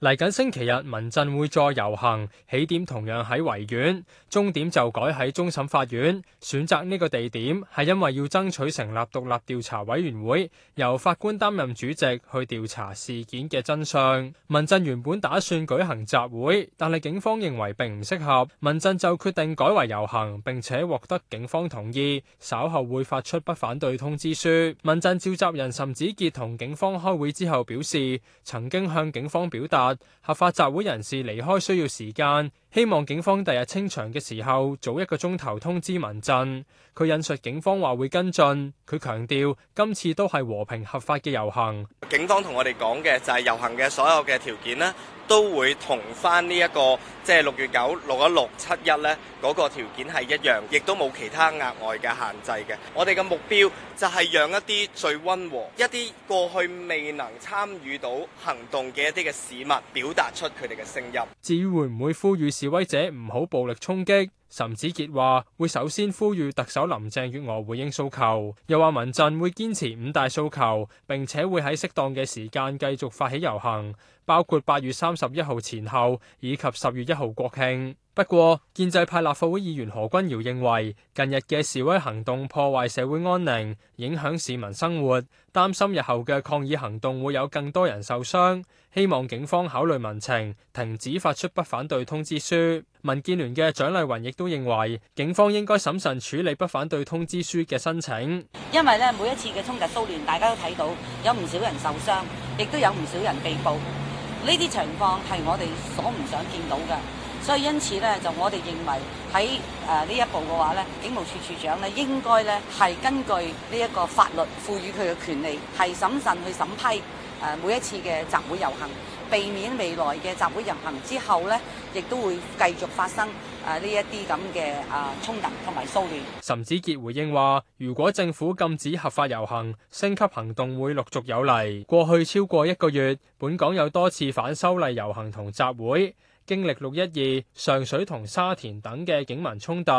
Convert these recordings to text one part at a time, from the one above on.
嚟緊星期日，民陣會再遊行，起點同樣喺維園，終點就改喺終審法院。選擇呢個地點係因為要爭取成立獨立調查委員會，由法官擔任主席去調查事件嘅真相。民陣原本打算舉行集會，但係警方認為並唔適合，民陣就決定改為遊行，並且獲得警方同意。稍後會發出不反對通知書。民陣召集人岑子杰同警方開會之後表示，曾經向警方表達。合法集會人士離開需要時間。希望警方第日清場嘅時候早一個鐘頭通知民陣。佢引述警方話會跟進。佢強調今次都係和平合法嘅遊行。警方同我哋講嘅就係遊行嘅所有嘅條件呢，都會同翻呢一個即係六月九六一六七一咧，嗰個條件係一樣，亦都冇其他額外嘅限制嘅。我哋嘅目標就係讓一啲最溫和、一啲過去未能參與到行動嘅一啲嘅市民，表達出佢哋嘅聲音。至於會唔會呼籲？示威者唔好暴力衝擊。岑子傑話會首先呼籲特首林鄭月娥回應訴求，又話民陣會堅持五大訴求，並且會喺適當嘅時間繼續發起遊行，包括八月三十一號前後以及十月一號國慶。不過，建制派立法會議員何君堯認為，近日嘅示威行動破壞社會安寧，影響市民生活，擔心日後嘅抗議行動會有更多人受傷，希望警方考慮民情，停止發出不反對通知書。民建聯嘅蔣麗芸亦都認為警方應該審慎處理不反對通知書嘅申請，因為咧每一次嘅衝突騷亂，大家都睇到有唔少人受傷，亦都有唔少人被捕，呢啲情況係我哋所唔想見到嘅，所以因此咧就我哋認為喺誒呢一步嘅話咧，警務處處長咧應該咧係根據呢一個法律賦予佢嘅權利，係審慎去審批誒每一次嘅集會遊行，避免未來嘅集會遊行之後咧。亦都會繼續發生啊，呢一啲咁嘅啊衝突同埋騷亂。岑子傑回應話，如果政府禁止合法遊行，升級行動會陸續有嚟。過去超過一個月，本港有多次反修例遊行同集會，經歷六一二、上水同沙田等嘅警民衝突。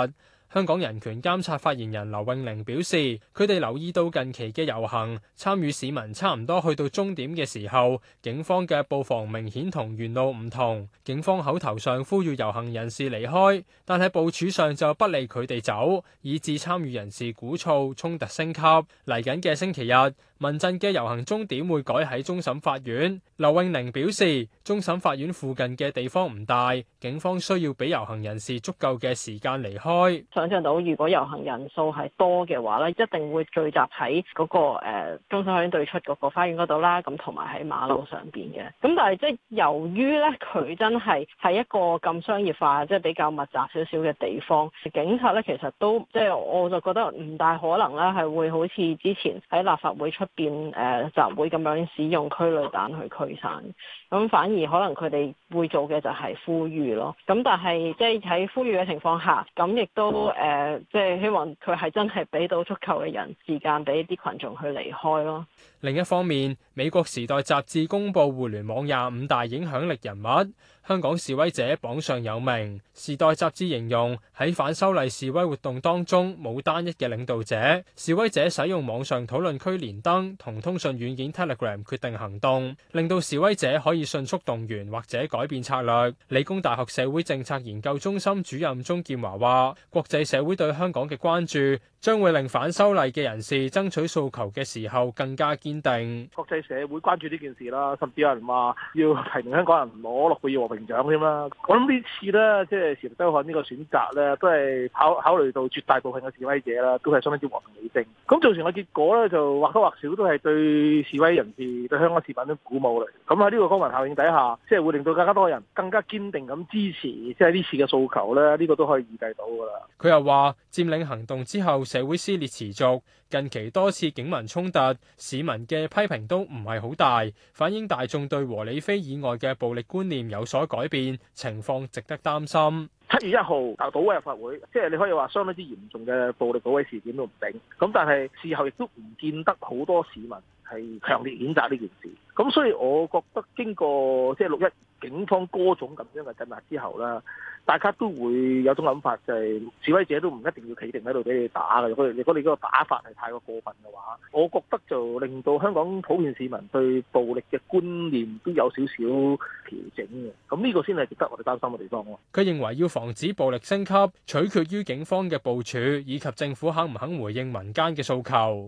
香港人權監察發言人劉永玲表示，佢哋留意到近期嘅遊行，參與市民差唔多去到終點嘅時候，警方嘅佈防明顯同沿路唔同。警方口頭上呼籲遊行人士離開，但係部署上就不利佢哋走，以致參與人士鼓噪，衝突升級。嚟緊嘅星期日，民陣嘅遊行終點會改喺終審法院。劉永玲表示，終審法院附近嘅地方唔大，警方需要俾遊行人士足夠嘅時間離開。想象到如果遊行人數係多嘅話咧，一定會聚集喺嗰、那個、呃、中西區對出嗰個花園嗰度啦。咁同埋喺馬路上邊嘅。咁但係即係由於咧，佢真係係一個咁商業化、即、就、係、是、比較密集少少嘅地方，警察咧其實都即係、就是、我就覺得唔大可能咧係會好似之前喺立法會出邊誒集會咁樣使用催淚彈去驅散。咁反而可能佢哋會做嘅就係呼籲咯。咁但係即係喺呼籲嘅情況下，咁亦都。誒，即係、呃就是，希望佢係真係俾到足夠嘅人時間，俾啲群眾去離開咯。另一方面，美國《時代》雜誌公布互聯網廿五大影響力人物，香港示威者榜上有名。《時代》雜誌形容喺反修例示威活動當中冇單一嘅領導者，示威者使用網上討論區連登同通訊軟件 Telegram 決定行動，令到示威者可以迅速動員或者改變策略。理工大學社會政策研究中心主任鍾建華話：國際社會對香港嘅關注。將會令反修例嘅人士爭取訴求嘅時候更加堅定。國際社會關注呢件事啦，甚至有人話要提名香港人攞諾貝爾和平獎添啦。我諗呢次呢，即係其實都看呢個選擇呢，都係考考慮到絕大部分嘅示威者啦，都係相當之和平理性。咁造成嘅結果呢，就或多或少都係對示威人士、對香港市民都鼓舞嚟。咁喺呢個光環效應底下，即係會令到更加多人更加堅定咁支持，即係呢次嘅訴求呢，呢個都可以預計到㗎喇。佢又話佔領行動之後。社會撕裂持續，近期多次警民衝突，市民嘅批評都唔係好大，反映大眾對和理非以外嘅暴力觀念有所改變，情況值得擔心。七月一號啊，倒位入法會，即係你可以話相當之嚴重嘅暴力倒位事件都唔整，咁但係事後亦都唔見得好多市民係強烈譴責呢件事，咁所以我覺得經過即係六一警方多種咁樣嘅鎮壓之後啦，大家都會有種諗法，就係示威者都唔一定要企定喺度俾你打啦，如果你如果你嗰個打法係太過過分嘅話，我覺得就令到香港普遍市民對暴力嘅觀念都有少少調整嘅，咁呢個先係值得我哋擔心嘅地方。佢認為要防防止暴力升級，取決於警方嘅部署，以及政府肯唔肯回應民間嘅訴求。